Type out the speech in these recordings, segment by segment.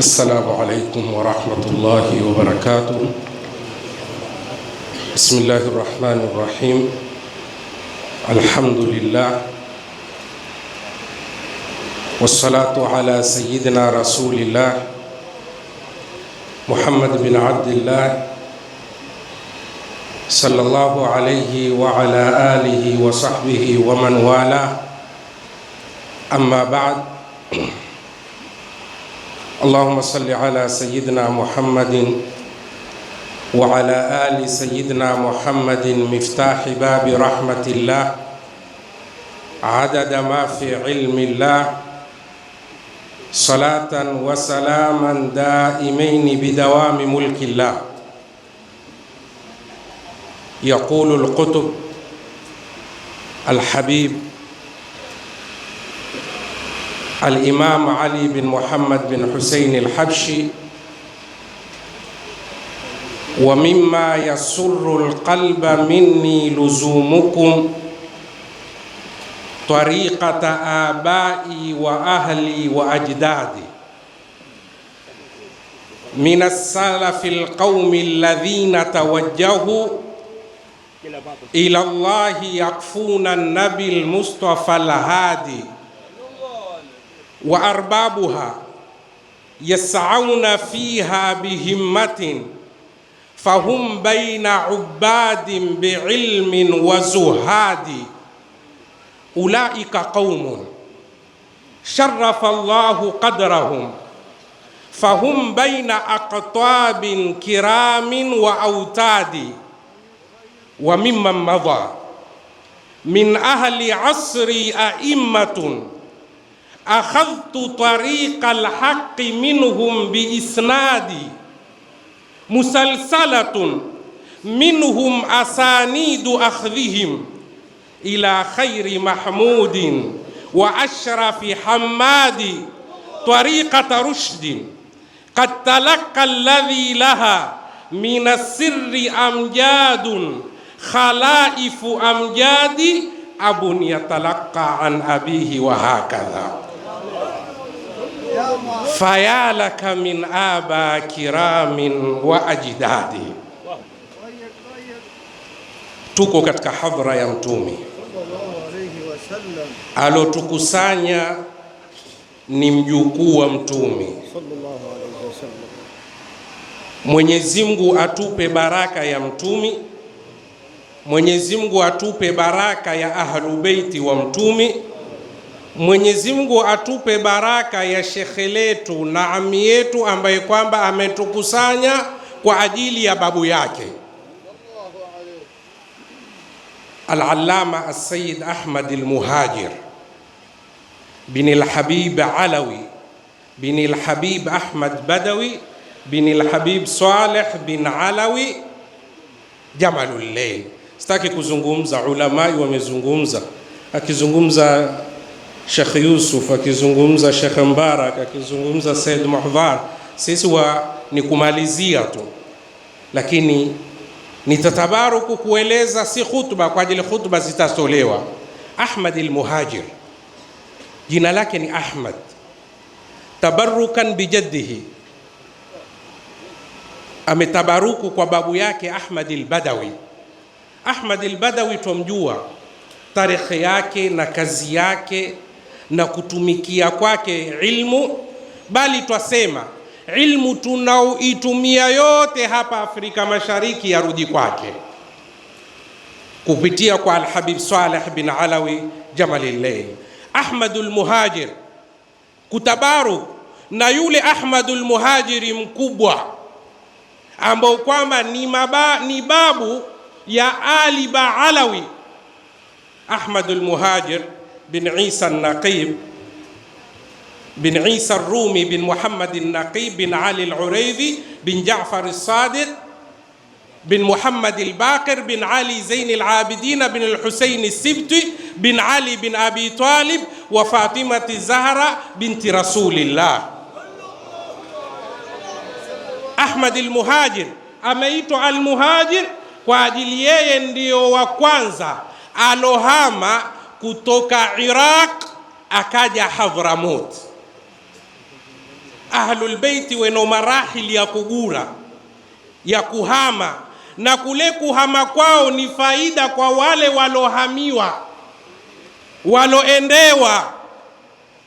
السلام عليكم ورحمة الله وبركاته بسم الله الرحمن الرحيم الحمد لله والصلاة على سيدنا رسول الله محمد بن عبد الله صلى الله عليه وعلى آله وصحبه ومن والاه أما بعد اللهم صل على سيدنا محمد وعلى آل سيدنا محمد مفتاح باب رحمة الله عدد ما في علم الله صلاة وسلاما دائمين بدوام ملك الله يقول القطب الحبيب الإمام علي بن محمد بن حسين الحبشي ومما يسر القلب مني لزومكم طريقة آبائي وأهلي وأجدادي من السلف القوم الذين توجهوا إلى الله يقفون النبي المصطفى الهادي وأربابها يسعون فيها بهمة فهم بين عباد بعلم وزهاد أولئك قوم شرف الله قدرهم فهم بين أقطاب كرام وأوتاد وممن مضى من أهل عصري أئمة أخذت طريق الحق منهم بإسنادي مسلسلة منهم أسانيد أخذهم إلى خير محمود وأشرف حماد طريقة رشد قد تلقى الذي لها من السر أمجاد خلائف أمجاد أب يتلقى عن أبيه وهكذا fayalaka min aba kiramin wa ajdadi. Tuko katika hadhara ya Mtume alotukusanya ni mjukuu wa Mtume. Mwenyezi Mungu atupe baraka ya Mtume. Mwenyezi Mungu atupe baraka ya Ahlubeiti wa Mtume. Mwenyezi Mungu atupe baraka ya shekhe letu na ami yetu ambaye kwamba ametukusanya kwa ajili ya babu yake Al-Allama As-Sayyid Ahmad Al-Muhajir bin Al-Habib Alawi bin Al-Habib Ahmad Badawi bin Al-Habib Saleh bin Alawi Jamalul Layl. Sitaki kuzungumza, ulamai wamezungumza, akizungumza Shekh Yusuf akizungumza, Shekh Mbarak akizungumza, Said Mahdhar, sisi wa ni kumalizia tu, lakini nitatabaruku kueleza si khutba kwa ajili khutba zitatolewa. Ahmad al-Muhajir, jina lake ni Ahmad, tabarukan bijaddihi, ametabaruku kwa babu yake Ahmad al-Badawi. Ahmad al-Badawi twamjua, tarikhi yake na kazi yake na kutumikia kwake ilmu, bali twasema ilmu tunaoitumia yote hapa Afrika Mashariki yarudi kwake kupitia kwa Alhabib Saleh bin Alawi Jamalillayl, Ahmadul Muhajir kutabaru na yule Ahmadul Muhajiri mkubwa ambao kwamba ni, maba, ni babu ya Ali Baalawi Ahmadul Muhajir بن عيسى النقيب بن عيسى الرومي بن محمد النقيب بن علي العريبي بن جعفر الصادق بن محمد الباقر بن علي زين العابدين بن الحسين السبتي بن علي بن أبي طالب وفاطمة الزهرة بنت رسول الله احمد المهاجر اميت المهاجر al-Muhajir وكوانزا ألوهاما kutoka Iraq akaja Ahlul Ahlulbeiti weno marahili ya kugura ya kuhama, na kule kuhama kwao ni faida kwa wale walohamiwa, waloendewa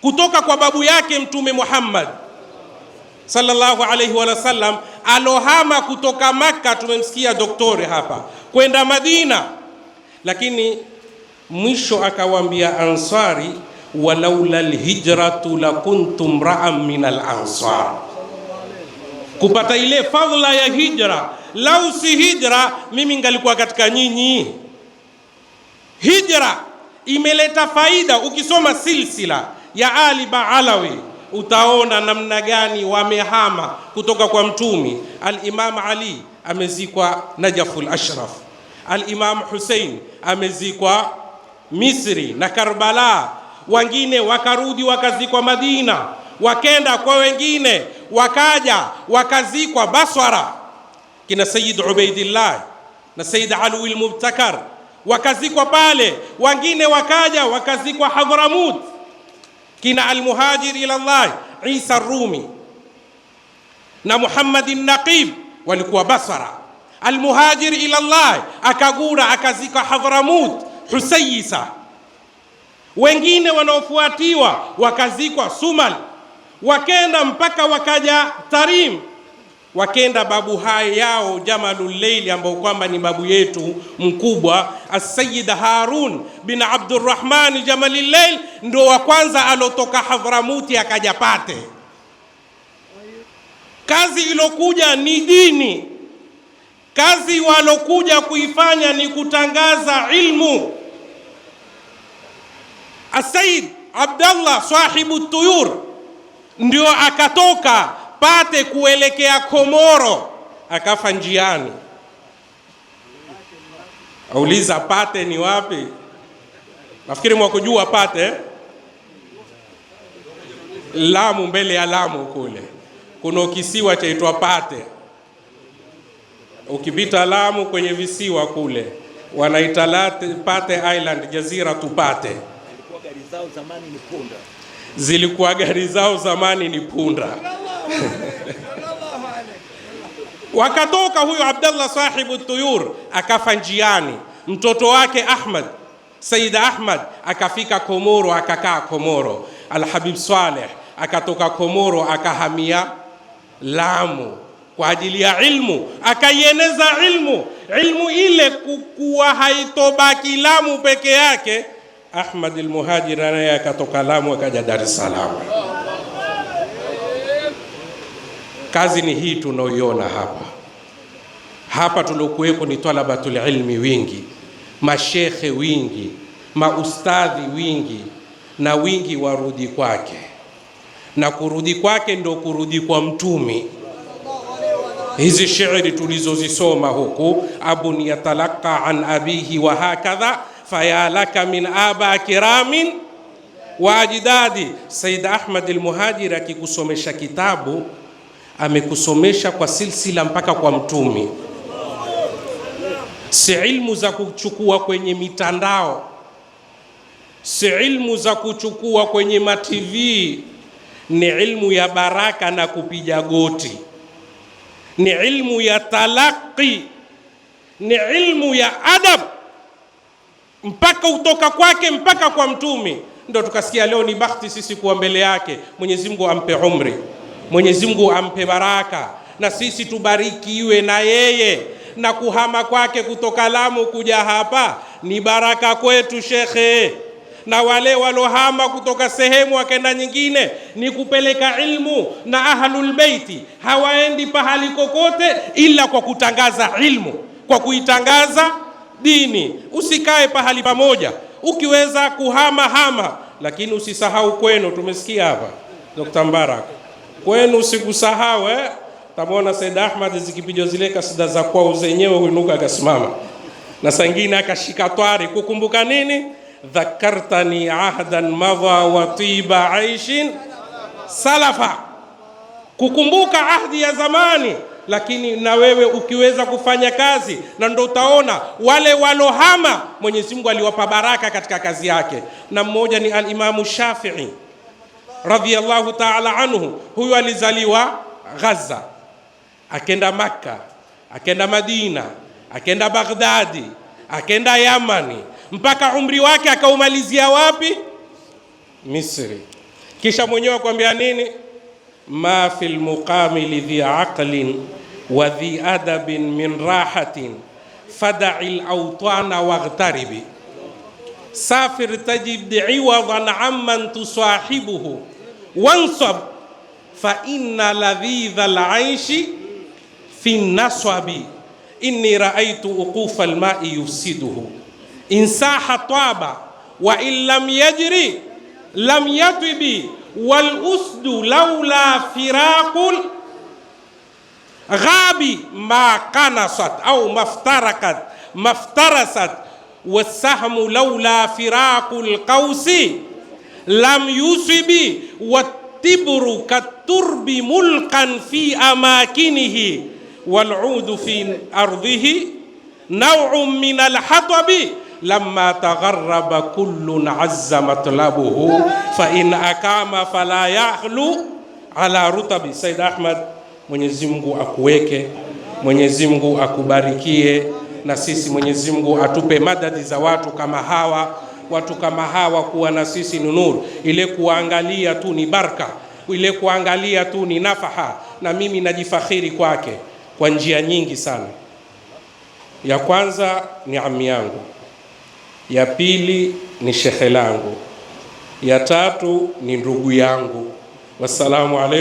kutoka kwa babu yake Mtume Muhammad sallallahu alayhi wa sallam, alohama kutoka Makka, tumemsikia doktori hapa, kwenda Madina, lakini Mwisho akawaambia Ansari, walaula lhijratu lakuntum ra'am min alansar, kupata ile fadhila ya hijra. Lau si hijra, mimi ngalikuwa katika nyinyi. Hijra imeleta faida. Ukisoma silsila ya Ali Baalawi utaona namna gani wamehama kutoka kwa Mtumi. alimam Ali amezikwa Najaful Ashraf, alimam husein amezikwa Misri na Karbala, wengine wakarudi wakazikwa Madina, wakenda kwa wengine wakaja wakazikwa Basra kina Sayyid Ubaidillah na Sayyid Alwi al wakazikwa pale, wengine wakaja wakazikwa Hadhramut kina Almuhajir ila Allah Isa Rumi na Muhammadin Naqib walikuwa Basra. Almuhajir ila Allah akagura akazikwa Hadhramut Husayisa, wengine wanaofuatiwa wakazikwa Sumal, wakenda mpaka wakaja Tarim, wakenda babu hai yao Jamalul Leili, ambao kwamba ni babu yetu mkubwa Asayid Harun bin Abdurrahmani Jamalul Leil, ndio wa kwanza alotoka hadhramuti akaja Pate. Kazi ilokuja ni dini Kazi walokuja kuifanya ni kutangaza ilmu. Asaid Abdallah sahibu Tuyur ndio akatoka Pate kuelekea Komoro, akafa njiani. Auliza Pate ni wapi? Nafikiri mwakujua Pate eh? Lamu, mbele ya Lamu kule kuna kisiwa chaitwa Pate Ukipita Lamu kwenye visiwa kule wanaita Late Pate Island, jazira tupate. Zilikuwa gari zao zamani ni punda, Wakatoka huyo Abdallah sahibu Tuyur akafa njiani, mtoto wake Ahmad Said Ahmad akafika Komoro, akakaa Komoro. Alhabib Saleh akatoka Komoro akahamia Lamu kwa ajili ya ilmu, akaieneza ilmu. Ilmu ile kukuwa haitobaki Lamu peke yake. Ahmad al-Muhajir naye akatoka Lamu akaja Dar es Salaam. Kazi ni hii tunaoiona hapa hapa, tuliokuwepo ni talabatul ilmi wingi, mashekhe wingi, maustadhi wingi, na wingi warudi kwake, na kurudi kwake ndio kurudi kwa mtumi hizi shairi tulizozisoma huku, abun yatalaka an abihi wa hakadha faya laka min aba kiramin wa ajdadi. Said Ahmad al akikusomesha kitabu amekusomesha kwa silsila mpaka kwa mtumi, si ilmu za kuchukua kwenye mitandao, si ilmu za kuchukua kwenye mativi, ni ilmu ya baraka na kupiga goti ni ilmu ya talaqi, ni ilmu ya adab, mpaka utoka kwake mpaka kwa Mtume ndo tukasikia leo ni bahati sisi kuwa mbele yake. Mwenyezi Mungu ampe umri, Mwenyezi Mungu ampe baraka, na sisi tubarikiwe na yeye. Na kuhama kwake kutoka Lamu kuja hapa ni baraka kwetu shekhe na wale walohama kutoka sehemu wakenda nyingine ni kupeleka ilmu. Na ahlul hawaendi pahali kokote ila kwa kutangaza ilmu, kwa kuitangaza dini. Usikae pahali pamoja, ukiweza kuhama hama, lakini usisahau kwenu. Tumesikia hapa Dr. Mbarak, kwenu usikusahau eh? Tamwona Said Ahmad zikipijwa zile kasida za kwao zenyewe, huinuka akasimama na sangine akashika twari kukumbuka nini dhakartani ahdan madha wa tiba aishin salafa, kukumbuka ahdi ya zamani. Lakini na wewe ukiweza kufanya kazi, na ndo utaona wale walohama, Mwenyezi Mungu aliwapa baraka katika kazi yake. Na mmoja ni alimamu Shafii radhiyallahu ta'ala anhu, huyu alizaliwa Gaza, akenda Makka, akenda Madina, akenda Baghdadi, akenda Yamani mpaka umri wake akaumalizia wapi? Misri. Kisha mwenyewe akwambia nini? ma fi lmuqamili dhi aqlin wa dhi adabin min rahatin fadai lautana waghtaribi safir tajid iwadan amman tusahibuhu wansab fa inna ladhidha laishi fi naswabi inni raaitu uqufa lmai yufsiduhu إن ساح طاب وإن لم يجري لم يطب والأسد لولا فراق غاب ما قنصت أو ما افترقت ما افترست والسهم لولا فراق القوس لم يصب والتبر كالترب ملقا في أماكنه والعود في أرضه نوع من الحطب lamma tagharaba kullun azza matlabuhu fa in akama fala yahlu ala rutabi. Said Ahmad, Mwenyezi Mungu akuweke, Mwenyezi Mungu akubarikie, na sisi Mwenyezi Mungu atupe madadi za watu kama hawa. Watu kama hawa kuwa na sisi ni nuru, ile kuangalia tu ni baraka, ile kuangalia tu ni nafaha. Na mimi najifakhiri kwake kwa njia nyingi sana. Ya kwanza ni ami yangu ya pili ni shehe langu, ya tatu ni ndugu yangu. Wassalamu alaikum.